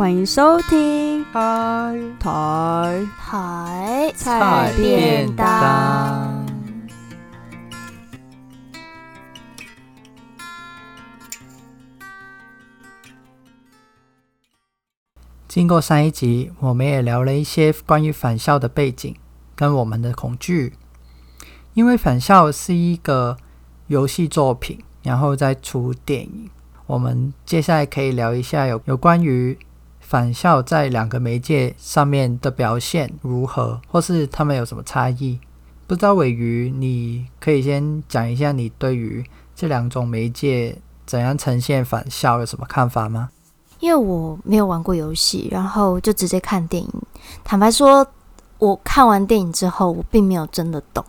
歡迎收聽《台台菜便當》。經過上一集，我們也聊了一些關於返校的背景跟我們的恐懼，因為返校是一個遊戲作品，然後再出電影。我們接下來可以聊一下有有關於。返校在兩個媒介上面的表現如何，或是他們有什麼差異？不知道尾魚，你可以先講一下你對於這兩種媒介怎樣呈現返校有什麼看法嗎？因為我沒有玩過遊戲，然後就直接看電影。坦白說，我看完電影之後，我並沒有真的懂。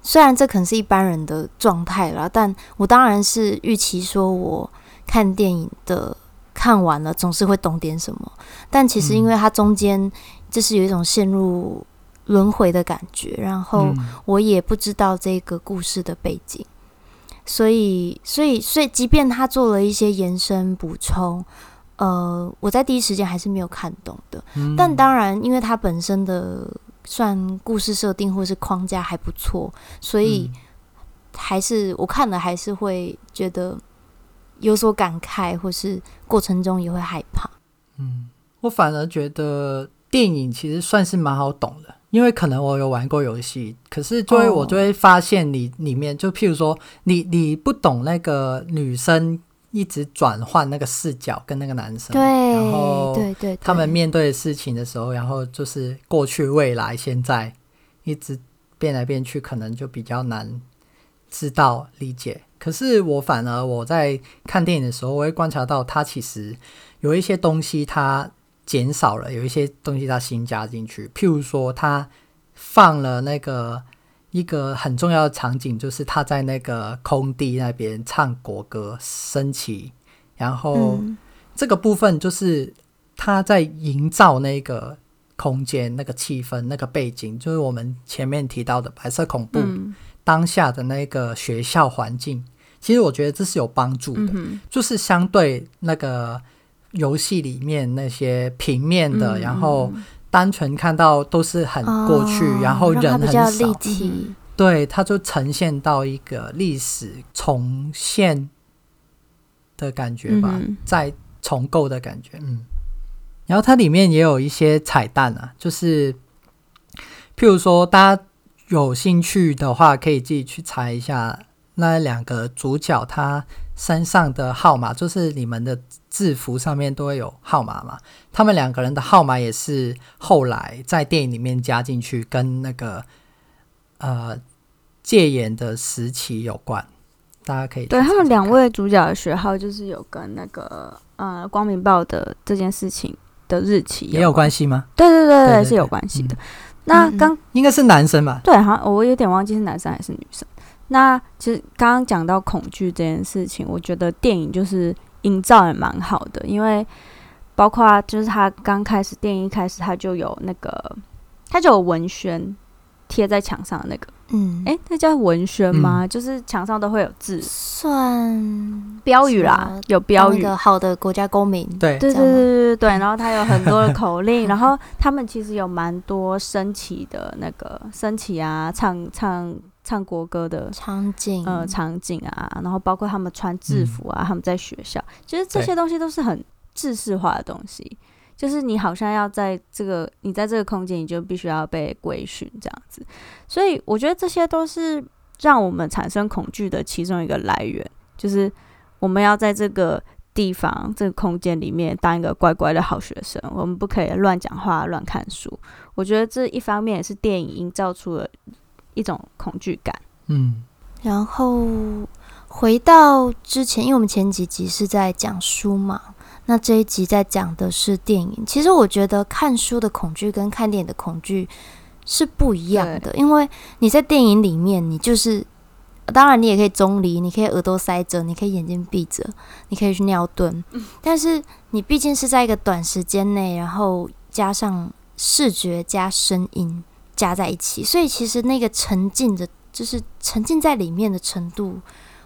雖然這可能是一般人的狀態啦，但我當然是預期說我看電影的。.看完了總是會懂點什麼，但其實因為它中間就是有一種陷入輪迴的感覺，然後我也不知道這個故事的背景，所以所以所以，所以即便他做了一些延伸補充，呃，我在第一時間還是沒有看懂的。嗯、但當然，因為它本身的算故事設定或是框架還不錯，所以還是、嗯、我看了還是會覺得有所感慨，或是過程中也會害怕。嗯，我反而覺得電影其實算是蠻好懂的，因為可能我有玩過遊戲，可是就會、哦、我就會發現你裡面就譬如說，你你不懂那個女生一直轉換那個視角跟那個男生，對，然後對對，他們面對的事情的時候，對對對，然後就是過去、未來、現在，一直變來變去，可能就比較難。知道理解，可是我反而我在看電影的時候，我會觀察到，它其實有一些東西它減少了，有一些東西它新加進去。譬如說，他放了那個一個很重要的場景，就是他在那個空地那邊唱國歌、升旗，然後這個部分就是他在營造那個空間、那個氣氛、那個背景，就是我們前面提到的白色恐怖。嗯當下的那個學校環境，其實我覺得這是有幫助的、嗯，就是相對那個遊戲裡面那些平面的，嗯、然後單純看到都是很過去，哦、然後人很少，讓他比較立體，對，它就呈現到一個歷史重現的感覺吧、嗯，再重構的感覺，嗯。然後它裡面也有一些彩蛋啊，就是譬如說大家。有興趣的話，可以自己去查一下那兩個主角他身上的號碼，就是你們的制服上面都會有號碼嘛。他們兩個人的號碼也是後來在電影裡面加進去，跟那個呃戒嚴的時期有關。大家可以看看對他們兩位主角的學號，就是有跟那個呃光明報的這件事情的日期有關。也有關係嗎？對對對對,對,對對對，是有關係的。嗯那剛應該是男生吧？對，好像我有點忘記是男生還是女生。那其實剛剛講到恐懼這件事情，我覺得電影就是營造也蠻好的，因為包括就是他剛開始電影一開始他就有那個，他就有文宣貼在牆上的那個。嗯，哎、欸，那叫文宣嗎？嗯、就是牆上都會有字，算標語啦、嗯，有標語，那個、好的國家公民，對對對對對對，然後他有很多的口令， 然後他們其實有蠻多升旗的那個升旗啊，唱唱唱國歌的場景，呃，場景啊，然後包括他們穿制服啊，嗯、他們在學校，其、就、實、是、這些東西都是很制式化的東西。就是你好像要在這個，你在這個空間，你就必須要被規訓這樣子，所以我覺得這些都是讓我們產生恐懼的其中一個來源，就是我們要在這個地方、這個空間裡面當一個乖乖的好學生，我們不可以亂講話、亂看書。我覺得這一方面也是電影營造出了一種恐懼感。嗯，然後回到之前，因為我們前幾集是在講書嘛。那這一集在講的是電影。其實我覺得看書的恐懼跟看電影的恐懼是不一樣的，因為你在電影裡面，你就是當然你也可以中離，你可以耳朵塞着，你可以眼睛閉着，你可以去尿遁。嗯、但是你畢竟是在一個短時間內，然後加上視覺加聲音加在一起，所以其實那個沉浸的，就是沉浸在裡面的程度，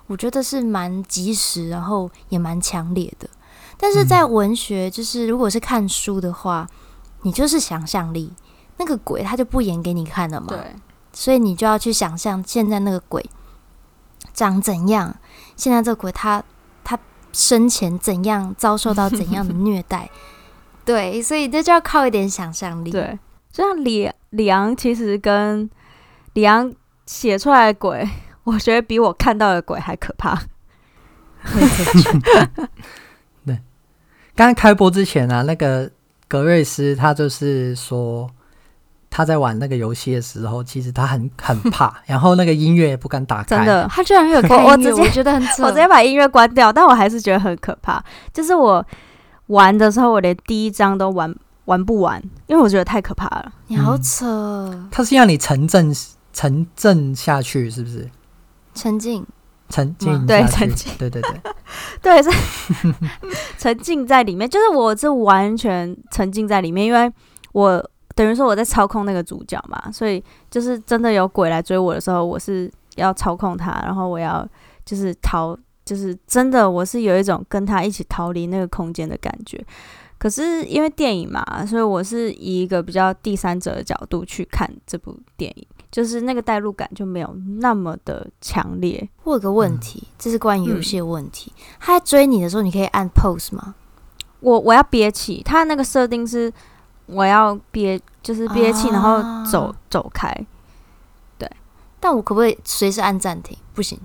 我覺得是蠻及時，然後也蠻強烈的。但是在文學，就是如果是看書的話，嗯、你就是想象力。那個鬼他就不演給你看了嘛，對，所以你就要去想象現在那個鬼長怎樣，現在這個鬼他他生前怎樣遭受到怎樣的虐待， 對，所以這就要靠一點想象力。對，就像李李昂其實跟李昂寫出來的鬼，我覺得比我看到的鬼還可怕。 剛開播之前啊，那個葛瑞絲他就是說他在玩那個遊戲的時候，其實他很很怕， 然後那個音樂也不敢打開。真的，他居然沒有關音樂 我自己覺得很扯，我直接把音樂關掉，但我還是覺得很可怕。就是我玩的時候，我連第一章都玩玩不完，因為我覺得太可怕了。你好扯！嗯，他是讓你沉浸沉浸下去，是不是？沉浸。沉浸、嗯、對沉浸對對對 對是 沉浸在裡面，就是我是完全沉浸在裡面，因為我等於說我在操控那個主角嘛，所以就是真的有鬼來追我的時候，我是要操控他，然後我要就是逃，就是真的我是有一種跟他一起逃離那個空間的感覺。可是因為電影嘛，所以我是以一個比較第三者的角度去看這部電影。就是那個代入感就沒有那麼的強烈。我有個問題，嗯、這是關於遊戲的問題、嗯。他在追你的時候，你可以按 pose 嗎？我我要憋氣。他那個設定是我要憋，就是憋氣、啊，然後走走開。對，但我可不可以隨時按暫停？不行。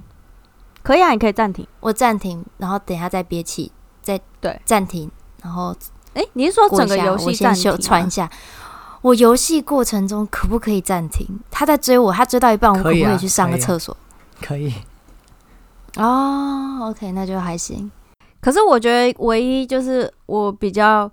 可以啊，你可以暫停。我暫停，然後等一下再憋氣，再對暫停，然後哎、欸，你是說整個遊戲暫停、啊？穿一下。啊我遊戲過程中可不可以暫停？他在追我，他追到一半，可啊、我可不可以去上個廁所可、啊可啊？可以。哦，OK，那就還行。可是我覺得唯一就是我比較，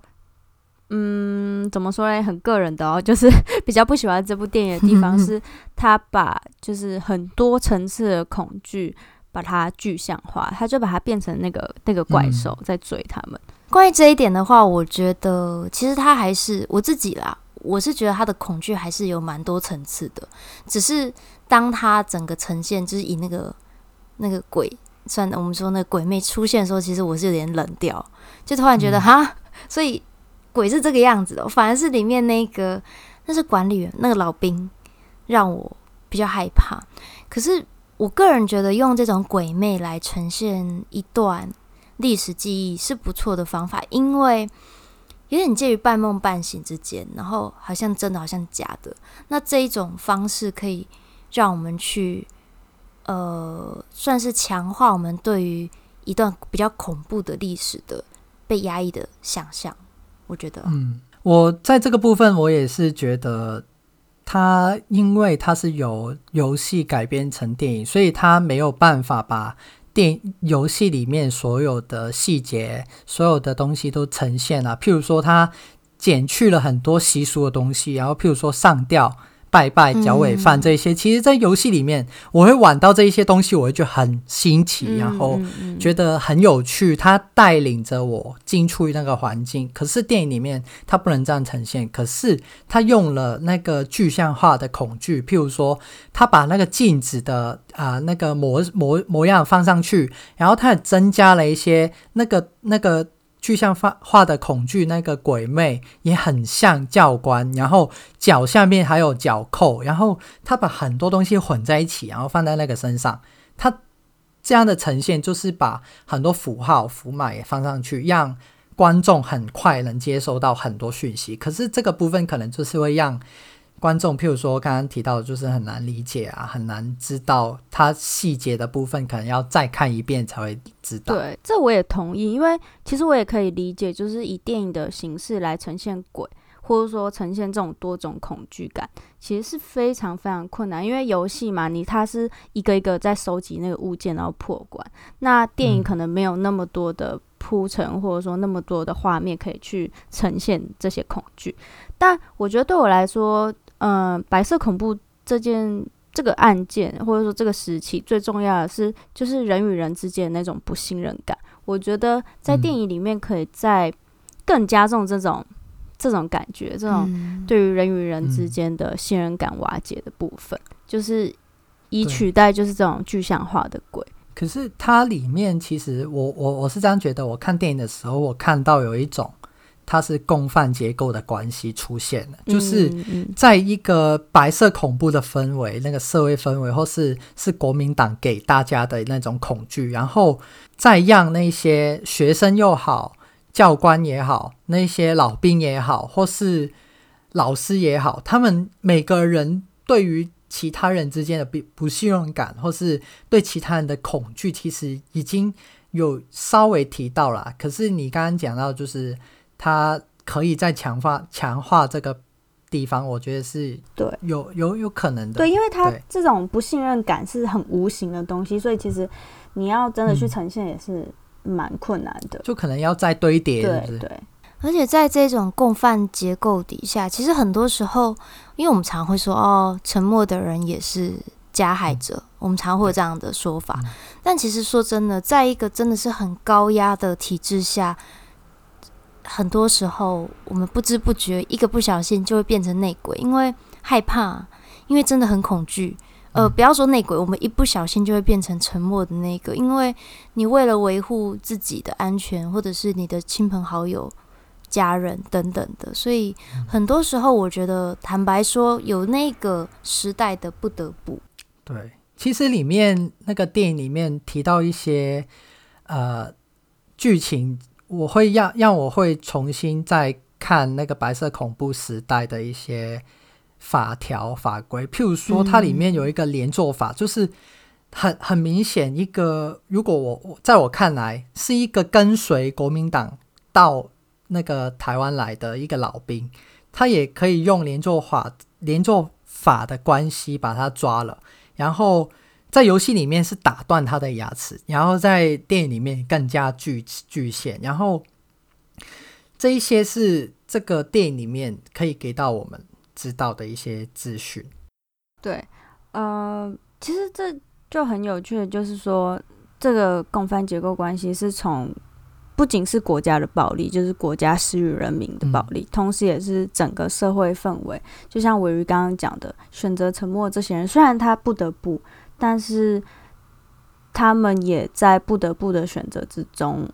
嗯，怎麼說呢？很個人的哦，就是比較不喜歡這部電影的地方是，他把就是很多層次的恐懼把它具象化，他就把它變成那個那個怪獸、嗯、在追他們。關於這一點的話，我覺得其實他還是我自己啦。我是覺得他的恐懼還是有蠻多層次的，只是當他整個呈現就是以那個那個鬼，算我們說那個鬼魅出現的時候，其實我是有點冷掉，就突然覺得哈，所以鬼是這個樣子的喔，反而是裡面那個那是管理員那個老兵讓我比較害怕。可是我個人覺得用這種鬼魅來呈現一段歷史記憶是不錯的方法，因為。有點介於半夢半醒之間，然後好像真的，好像假的。那這一種方式可以讓我們去，呃，算是強化我們對於一段比較恐怖的歷史的被壓抑的想象。我覺得，嗯，我在這個部分我也是覺得，它因為它是由遊戲改編成電影，所以它沒有辦法把。電遊戲裡面所有的細節，所有的東西都呈現了。譬如說，他減去了很多習俗的東西，然後譬如說上吊。拜拜，腳尾飯這些，嗯、其實，在遊戲裡面，我會玩到這一些東西，我會覺得很新奇，然後覺得很有趣。他帶領着我進出於那個環境，可是電影裡面他不能這樣呈現。可是他用了那個具象化的恐懼，譬如說，他把那個鏡子的啊、呃、那個模模模樣放上去，然後他也增加了一些那個那個。具象化的恐懼，那個鬼魅也很像教官，然後腳下面還有腳扣，然後他把很多東西混在一起，然後放在那個身上，他這樣的呈現就是把很多符號、符碼也放上去，讓觀眾很快能接收到很多訊息。可是這個部分可能就是會讓。觀眾，譬如說剛剛提到的，就是很難理解啊，很難知道它細節的部分，可能要再看一遍才會知道。對，這我也同意，因為其實我也可以理解，就是以電影的形式來呈現鬼，或者說呈現這種多種恐懼感，其實是非常非常困難。因為遊戲嘛，你它是一個一個在收集那個物件，然後破關。那電影可能沒有那麼多的鋪陳，嗯，或者說那麼多的畫面可以去呈現這些恐懼。但我覺得對我來說。嗯、呃，白色恐怖這件，這個案件，或者說這個時期，最重要的是，就是人與人之間那種不信任感。我覺得在電影裡面，可以再更加重這種、這種感覺，這種對於人與人之間的信任感瓦解的部分，嗯，就是以取代就是這種具象化的鬼。可是它裡面其實我，我我我是這樣覺得，我看電影的時候，我看到有一種，它是共犯結構的關係出現了，就是在一個白色恐怖的氛圍，嗯嗯嗯。那個社會氛圍，或是是國民黨給大家的那種恐懼，然後再讓那些學生又好，教官也好，那些老兵也好，或是老師也好，他們每個人對於其他人之間的不不信任感，或是對其他人的恐懼，其實已經有稍微提到了。可是你剛剛講到，就是。他可以再強化強化這個地方，我覺得是有對有有有可能的，對，因為他這種不信任感是很無形的東西，所以其實你要真的去呈現也是蠻困難的。嗯，就可能要再堆疊，對對。而且在這種共犯結構底下，其實很多時候，因為我們常會說哦，沉默的人也是加害者，嗯、我們常會有這樣的說法，嗯，但其實說真的，在一個真的是很高壓的體制下，很多時候，我們不知不覺一個不小心就會變成內鬼，因為害怕，因為真的很恐懼。呃、嗯，不要說內鬼，我們一不小心就會變成沉默的那個，因為你為了維護自己的安全，或者是你的親朋好友、家人等等的，所以很多時候，我覺得、嗯、坦白說，有那個時代的不得不。對，其實裡面那個電影裡面提到一些呃劇情。我會讓讓我會重新再看那個白色恐怖時代的一些法條法規，譬如說它裡面有一個連坐法、嗯，就是很很明顯一個，如果我，我在我看來是一個跟隨國民黨到那個台灣來的一個老兵，他也可以用連坐法連坐法的關係把他抓了，然後。在遊戲裡面是打斷他的牙齒，然後在電影裡面更加具具現。然後這一些是這個電影裡面可以給到我們知道的一些資訊。對，呃，其實這就很有趣的就是說，這個共犯結構關係是從不僅是國家的暴力，就是國家施予人民的暴力，嗯，同時也是整個社會氛圍。就像維於剛剛講的，選擇沉默這些人，雖然他不得不。但是他們也在不得不的選擇之中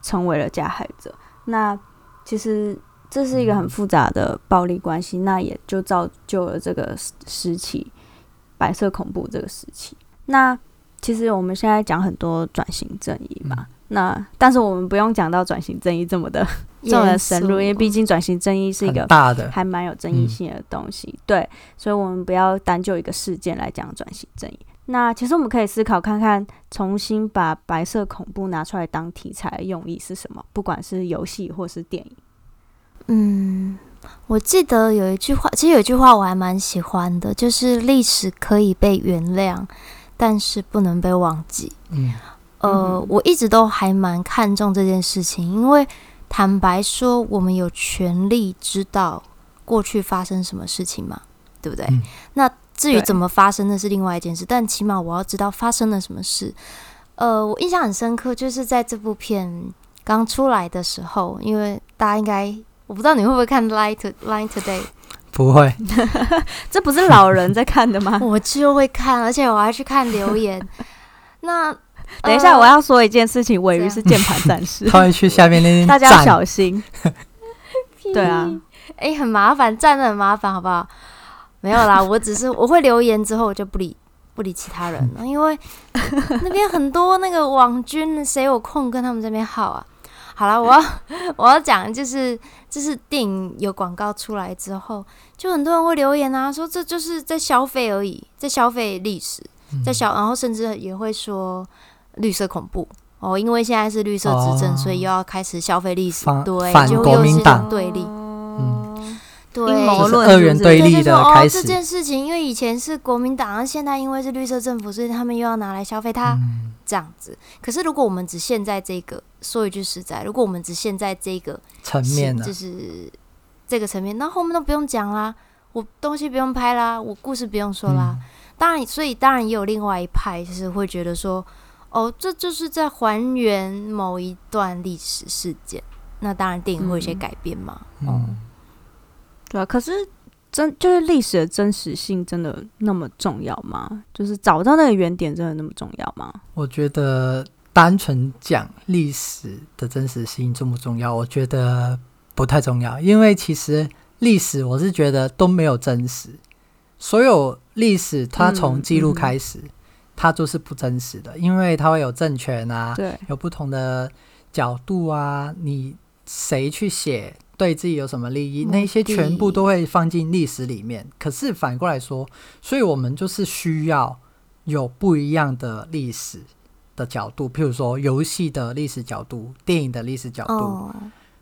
成為了加害者。那其實這是一個很複雜的暴力關係，那也就造就了這個時期白色恐怖這個時期。那其實我們現在講很多轉型正義嘛，那但是我們不用講到轉型正義這麼的這麼深入，因為畢竟轉型正義是一個大的，還蠻有爭議性的東西的、嗯。對，所以我們不要單就一個事件來講轉型正義。那其實我們可以思考看看，重新把白色恐怖拿出來當題材用意是什麼？不管是遊戲或是電影。嗯，我記得有一句話，其實有一句話我還蠻喜歡的，就是歷史可以被原諒，但是不能被忘記。嗯，呃，我一直都還蠻看重這件事情，因為坦白說，我們有權利知道過去發生什麼事情嘛？對不對？嗯、那。至於怎麼發生，那是另外一件事。但起碼我要知道發生了什麼事。呃，我印象很深刻，就是在這部片剛出來的時候，因為大家應該，我不知道你會不會看《Line Today》？不會， 這不是老人在看的嗎？ 我就會看，而且我還去看留言。 那、呃、等一下，我要說一件事情，鮪魚是鍵盤戰士， 他會去下面那邊 大家要小心。 對啊，哎、欸，很麻煩，站得很麻煩，好不好？沒有啦，我只是我會留言之後，我就不理不理其他人了，因為那邊很多那個網軍，誰有空跟他們這邊耗啊？好了，我要我要講，就是就是電影有廣告出來之後，就很多人會留言啊，說這就是在消費而已，在消費歷史，在消、嗯，然後甚至也會說綠色恐怖哦，因為現在是綠色執政、哦，所以又要開始消費歷史反，對，反就又是對立。對，就是對，對，二元對立的開始，就是，對哦，這件事情，因為以前是國民黨，啊，現在因為是綠色政府，所以他們又要拿來消費它，嗯、這樣子。可是，如果我們只現在這個，說一句實在，如果我們只現在、這個就是、這個層面，就是這個層面，那後面都不用講啦，我東西不用拍啦，我故事不用說啦。嗯、當然，所以當然也有另外一派，就是會覺得說，哦，這就是在還原某一段歷史事件。那當然，電影會有些改變嘛，哦、嗯。嗯對啊，可是真就是歷史的真實性真的那麼重要嗎？就是找到那個原點真的那麼重要嗎？我覺得單純講歷史的真實性重不重要，我覺得不太重要，因為其實歷史我是覺得都沒有真實，所有歷史它從記錄開始，嗯嗯，它就是不真實的，因為它會有政權啊，對，有不同的角度啊，你誰去寫。對自己有什麼利益，那些全部都會放進歷史裡面。可是反過來說，所以我們就是需要有不一樣的歷史的角度，譬如說遊戲的歷史角度、電影的歷史角度、哦、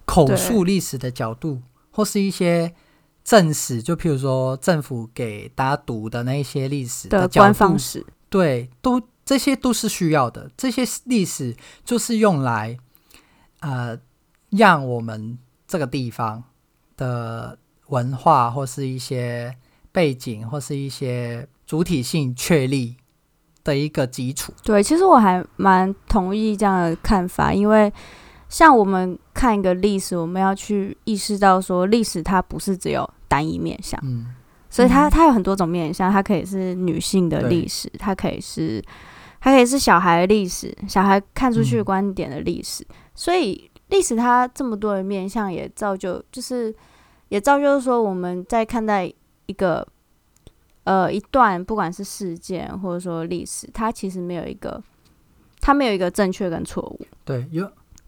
口述歷史的角度，或是一些正史，就譬如說政府給大家讀的那些歷史的角度。官方史對，都這些都是需要的。這些歷史就是用來，呃，讓我們這個地方的文化，或是一些背景，或是一些主體性確立的一個基礎。對，其實我還蠻同意這樣的看法，因為像我們看一個歷史，我們要去意識到說，歷史它不是只有單一面相，嗯，所以它它有很多種面相，它可以是女性的歷史，它可以是它可以是小孩的歷史，小孩看出去觀點的歷史，嗯，所以。歷史它這麼多的面向，也造就就是也造就是說我們在看待一個呃一段，不管是事件或者說歷史，它其實沒有一個它沒有一個正確跟錯誤。對，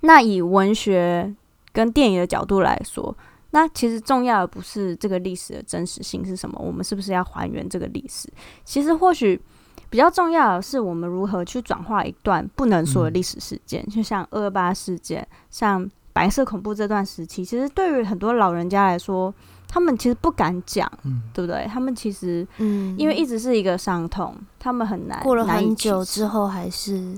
那以文學跟電影的角度來說，那其實重要的不是這個歷史的真實性是什麼？我們是不是要還原這個歷史？其實或許。比較重要的是，我們如何去轉化一段不能說的歷史事件，嗯、就像二二八事件、像白色恐怖這段時期，其實對於很多老人家來說，他們其實不敢講、嗯，對不對？他們其實，嗯、因為一直是一個傷痛，他們很難過了很久之後還是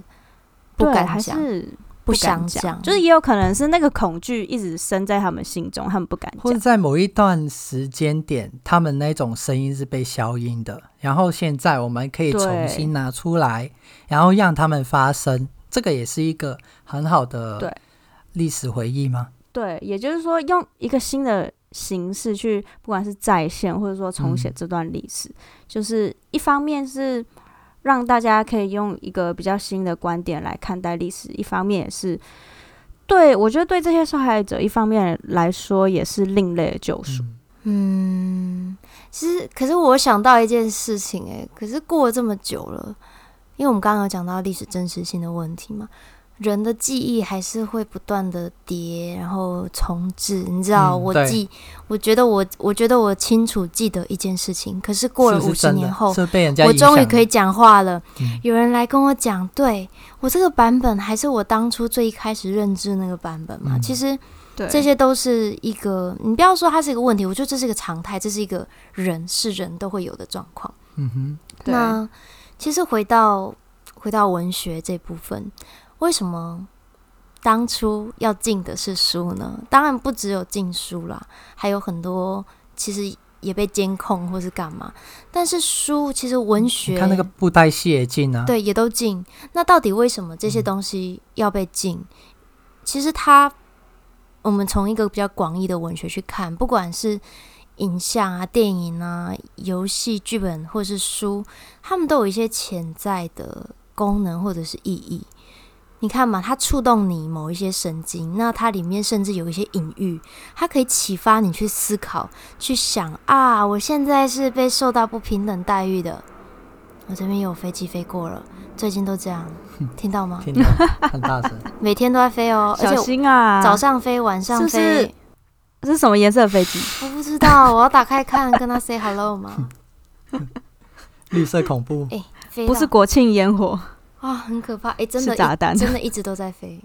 不敢講。不敢講，就是也有可能是那個恐懼一直生在他們心中，他們不敢講。或者在某一段時間點，他們那種聲音是被消音的，然後現在我們可以重新拿出來，然後讓他們發聲，這個也是一個很好的歷史回憶嗎？對，也就是說用一個新的形式去，不管是再現或者說重寫這段歷史，嗯，就是一方面是。讓大家可以用一個比較新的觀點來看待歷史，一方面也是對我覺得對這些受害者一方面來說也是另類的救贖。嗯。嗯，其實可是我想到一件事情，欸，誒，可是過了這麼久了，因為我們剛剛有講到歷史真實性的問題嘛。人的記憶還是會不斷的疊，然後重置，你知道、嗯？我記，我覺得我，我覺得我清楚記得一件事情，可是過了五十年後是是是是，我終於可以講話了。嗯、有人來跟我講，對我這個版本還是我當初最一開始認知那個版本嘛？嗯、其實，這些都是一個你不要說它是一個問題，我覺得這是一個常態，這是一個人是人都會有的狀況。嗯哼，那其實回到回到文學這部分，為什麼當初要禁的是書呢？當然不只有禁書啦，還有很多其實也被監控或是幹嘛。但是書其實文學，你看那個布袋戲也禁啊，對，也都禁。那到底為什麼這些東西要被禁？嗯，其實它，我們從一個比較廣義的文學去看，不管是影像啊、電影啊、遊戲劇本或是書，他們都有一些潛在的功能或者是意義。你看嘛，它觸動你某一些神經，那它裡面甚至有一些隱喻，它可以啟發你去思考、去想啊。我現在是被受到不平等待遇的。我這邊有飛機飛過了，最近都這樣，聽到嗎？聽到，很大聲。 每天都在飛哦、喔，小心啊，而且，早上飛，晚上飛，這是，是，是什麼顏色的飛機？我不知道，我要打開看， 跟它 say hello 嗎？綠色恐怖，哎、欸，不是國慶煙火。啊，很可怕！哎、欸，真的，炸彈的，真的一直都在飛，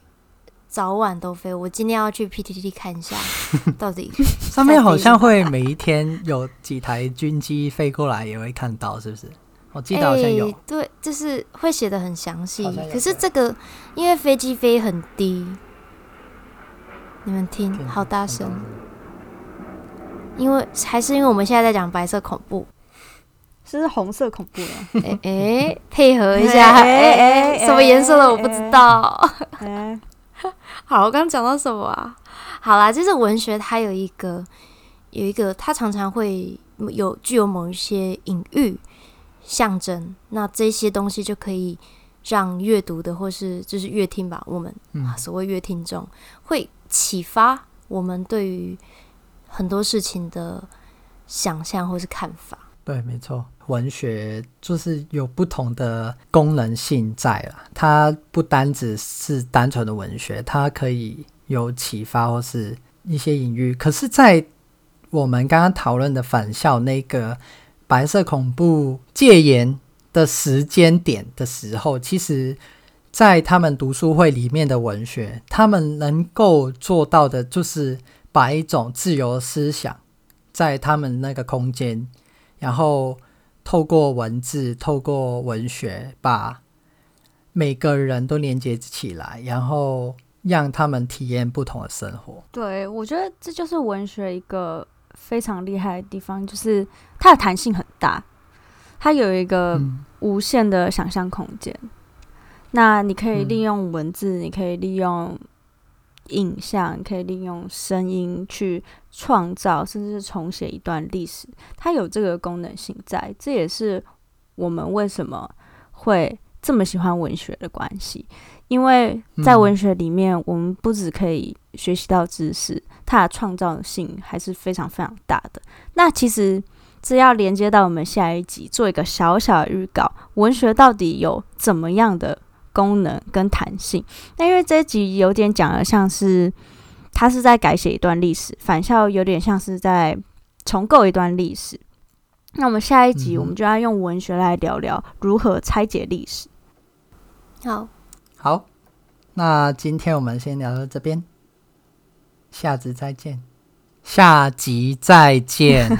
早晚都飛。我今天要去 PTT 看一下， 到底上面好像會每一天有幾台軍機飛過來，也會看到，是不是？我記得好像有，欸、對，就是會寫得很詳細。可是這個，因為飛機飛很低，你們聽，聽好大聲！因為還是因為我們現在在講白色恐怖。這是紅色恐怖的、欸，哎、欸，配合一下，哎、欸、哎、欸欸、什麼顏色的我不知道、欸。欸、 好，我剛講到什麼、啊？好啦，就是文學它有一個，有一個，它常常會有具有某一些隱喻象徵，那這些東西就可以讓閱讀的或是就是閱聽吧，我們、嗯、所謂閱聽眾，會啟發我們對於很多事情的想象或是看法。對，沒錯，文學就是有不同的功能性在了，它不單只是單純的文學，它可以有啟發或是一些隱喻。可是，在我們剛剛討論的返校那個白色恐怖戒嚴的時間點的時候，其實，在他們讀書會裡面的文學，他們能夠做到的就是把一種自由思想在他們那個空間。然後透過文字，透過文學，把每個人都連接起來，然後讓他們體驗不同的生活。對，我覺得這就是文學一個非常厲害的地方，就是它的彈性很大，它有一個無限的想象空間。嗯、那你可以利用文字，嗯、你可以利用。影像可以利用聲音去創造，甚至是重寫一段歷史。它有這個功能性在，這也是我們為什麼會這麼喜歡文學的關係。因為在文學裡面，嗯、我們不只可以學習到知識，它的創造性還是非常非常大的。那其實只要連接到我們下一集，做一個小小的預告：文學到底有怎麼樣的功能跟彈性，那因為這一集有點講的像是，它是在改寫一段歷史，返校有點像是在重構一段歷史。那我們下一集我們就要用文學來聊聊如何拆解歷史。嗯。好，好，那今天我們先聊到這邊，下集再見，下集再見。